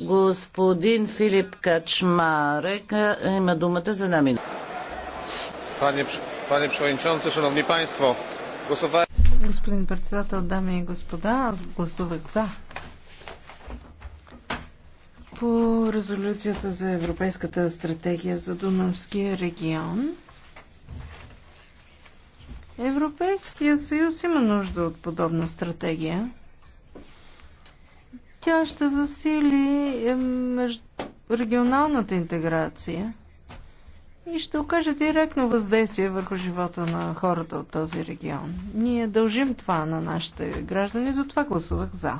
господин Филип Качмарек е, има думата за една минута. Panie, panie Przewodniczący, Szanowni Państwo, głosowałem... Господин председател, дами и господа, аз гласувах за. По резолюцията за Европейската стратегия за Дунавския регион, Европейския съюз има нужда от подобна стратегия. Тя ще засили е, регионалната интеграция и ще окаже директно въздействие върху живота на хората от този регион. Ние дължим това на нашите граждани, затова гласувах за.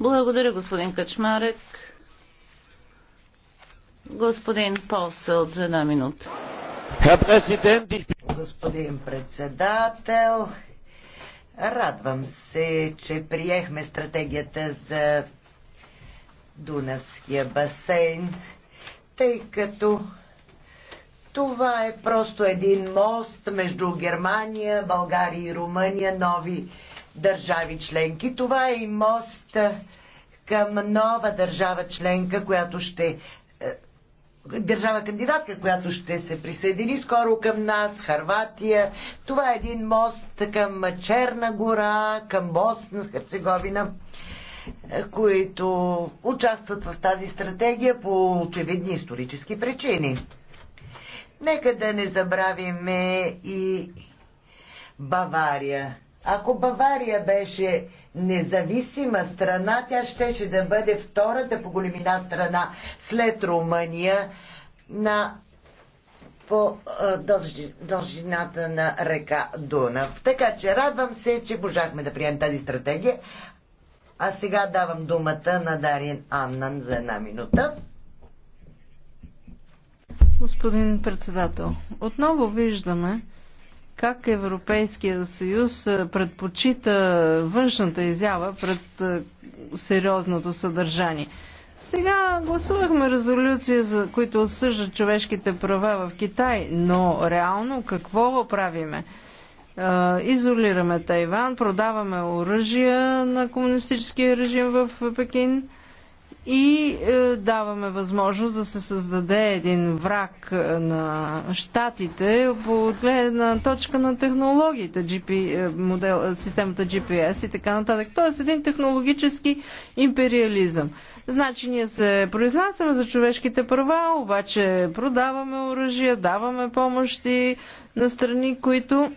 Благодаря, господин Качмарек. Господин Полсъл за една минута. Господин председател, Радвам се, че приехме стратегията за Дунавския басейн, тъй като това е просто един мост между Германия, България и Румъния, нови държави членки. Това е и мост към нова държава членка, която ще е, държава кандидатка, която ще се присъедини скоро към нас, Харватия. Това е един мост към Черна гора, към Босна, Херцеговина, е, които участват в тази стратегия по очевидни исторически причини. Нека да не забравиме и Бавария. Ако Бавария беше независима страна, тя щеше да бъде втората по големина страна след Румъния на по дължи, дължината на река Дунав. Така че радвам се, че можахме да приемем тази стратегия. А сега давам думата на Дарин Аннан за една минута. Господин председател, отново виждаме, как Европейския съюз предпочита външната изява пред сериозното съдържание. Сега гласувахме резолюции, за които осъждат човешките права в Китай, но реално какво правиме? Изолираме Тайван, продаваме оръжия на комунистическия режим в Пекин – и е, даваме възможност да се създаде един враг е, на щатите по гледна точка на технологията, GP, е, модел, системата GPS и така нататък. Тоест един технологически империализъм. Значи ние се произнасяме за човешките права, обаче продаваме оръжия, даваме помощи на страни, които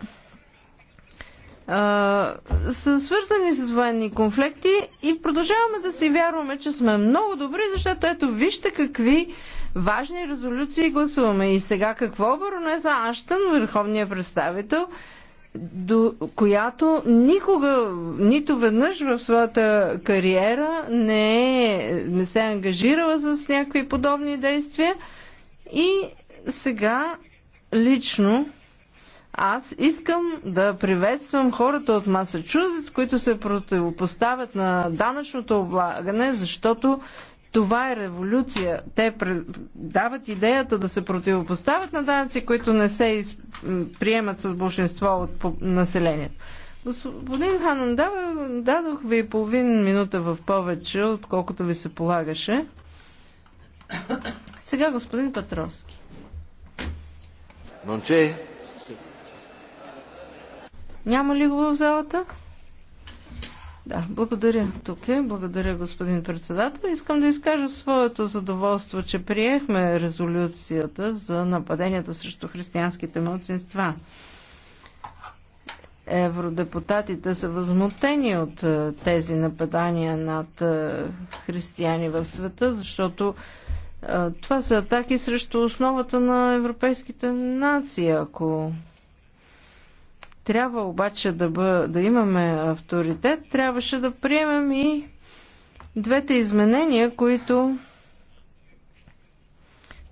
са свързани с военни конфликти и продължаваме да си вярваме, че сме много добри, защото ето вижте какви важни резолюции гласуваме. И сега какво баронеса Аштън, върховния представител, до която никога, нито веднъж в своята кариера не, е, не се е ангажирала с някакви подобни действия и сега лично аз искам да приветствам хората от Масачузетс, които се противопоставят на данъчното облагане, защото това е революция. Те дават идеята да се противопоставят на данъци, които не се из... приемат с большинство от населението. Господин Ханан, дадох ви половин минута в повече, отколкото ви се полагаше. Сега господин Патровски. Монче, няма ли го в залата? Да, благодаря. Тук е. Благодаря, господин председател. Искам да изкажа своето задоволство, че приехме резолюцията за нападенията срещу християнските младсинства. Евродепутатите са възмутени от е, тези нападания над е, християни в света, защото е, това са атаки срещу основата на европейските нации. Ако трябва обаче да, бъ, да имаме авторитет, трябваше да приемем и двете изменения, които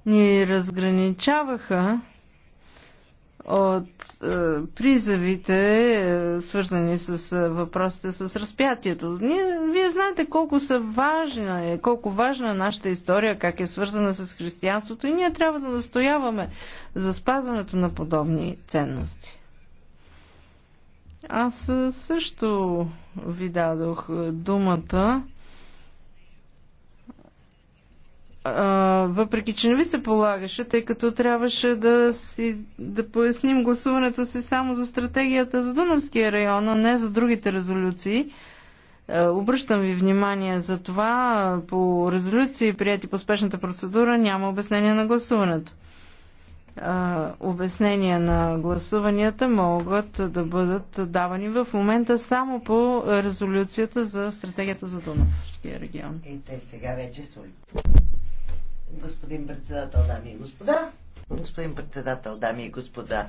ни разграничаваха от е, призавите, е, свързани с е, въпросите с разпятието. Ние, вие знаете колко са важна е, колко важна е нашата история, как е свързана с християнството и ние трябва да настояваме за спазването на подобни ценности. Аз също ви дадох думата. въпреки, че не ви се полагаше, тъй като трябваше да, си, да поясним гласуването си само за стратегията за Дунавския район, а не за другите резолюции. Обръщам ви внимание за това. По резолюции, прияти по спешната процедура, няма обяснение на гласуването обяснения на гласуванията могат да бъдат давани в момента само по резолюцията за стратегията за Дунавския регион. И те сега вече са. Господин председател, дами и господа, господин председател, дами и господа,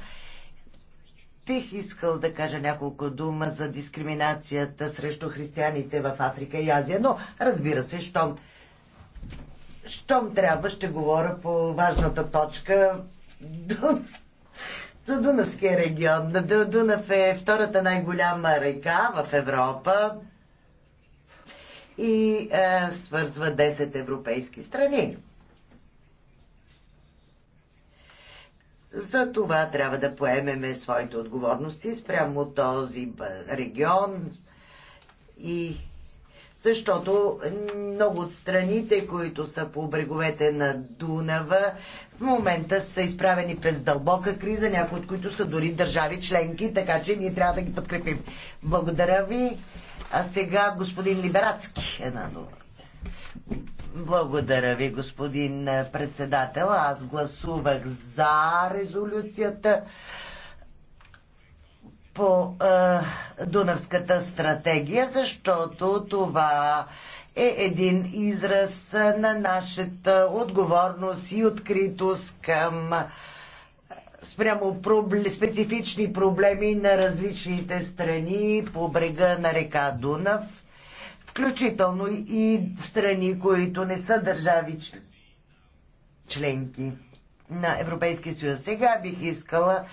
бих искал да кажа няколко дума за дискриминацията срещу християните в Африка и Азия, но разбира се, щом щом трябва, ще говоря по важната точка Дунавския регион. Дунав е втората най-голяма река в Европа и е, свързва 10 европейски страни. За това трябва да поемеме своите отговорности спрямо този регион и защото много от страните, които са по бреговете на Дунава, в момента са изправени през дълбока криза, някои от които са дори държави членки, така че ние трябва да ги подкрепим. Благодаря ви. А сега господин Либерацки една дума. Благодаря ви, господин председател. Аз гласувах за резолюцията по а, е, Дунавската стратегия, защото това е един израз на нашата отговорност и откритост към е, спрямо проблем, специфични проблеми на различните страни по брега на река Дунав, включително и страни, които не са държави членки на Европейския съюз. Сега бих искала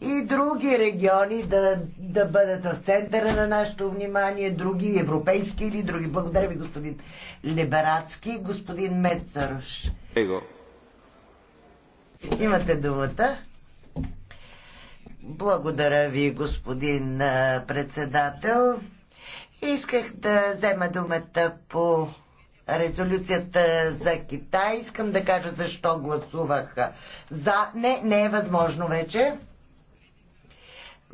и други региони да, да бъдат в центъра на нашето внимание, други европейски или други. Благодаря ви, господин Либерацки. Господин Мецаруш. Его. Имате думата. Благодаря ви, господин председател. Исках да взема думата по резолюцията за Китай. Искам да кажа защо гласувах за. Не, не е възможно вече.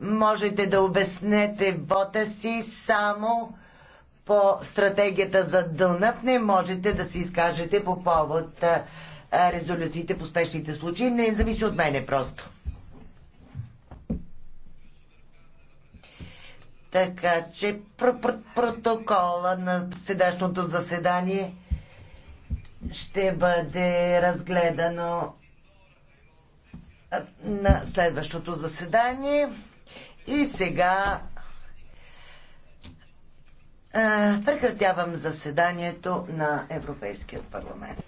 Можете да обяснете вота си само по стратегията за Дънъв. Не можете да се изкажете по повод резолюциите по спешните случаи. Не зависи от мене просто. Така че пр- пр- протокола на седашното заседание ще бъде разгледано на следващото заседание. И сега прекратявам заседанието на Европейския парламент.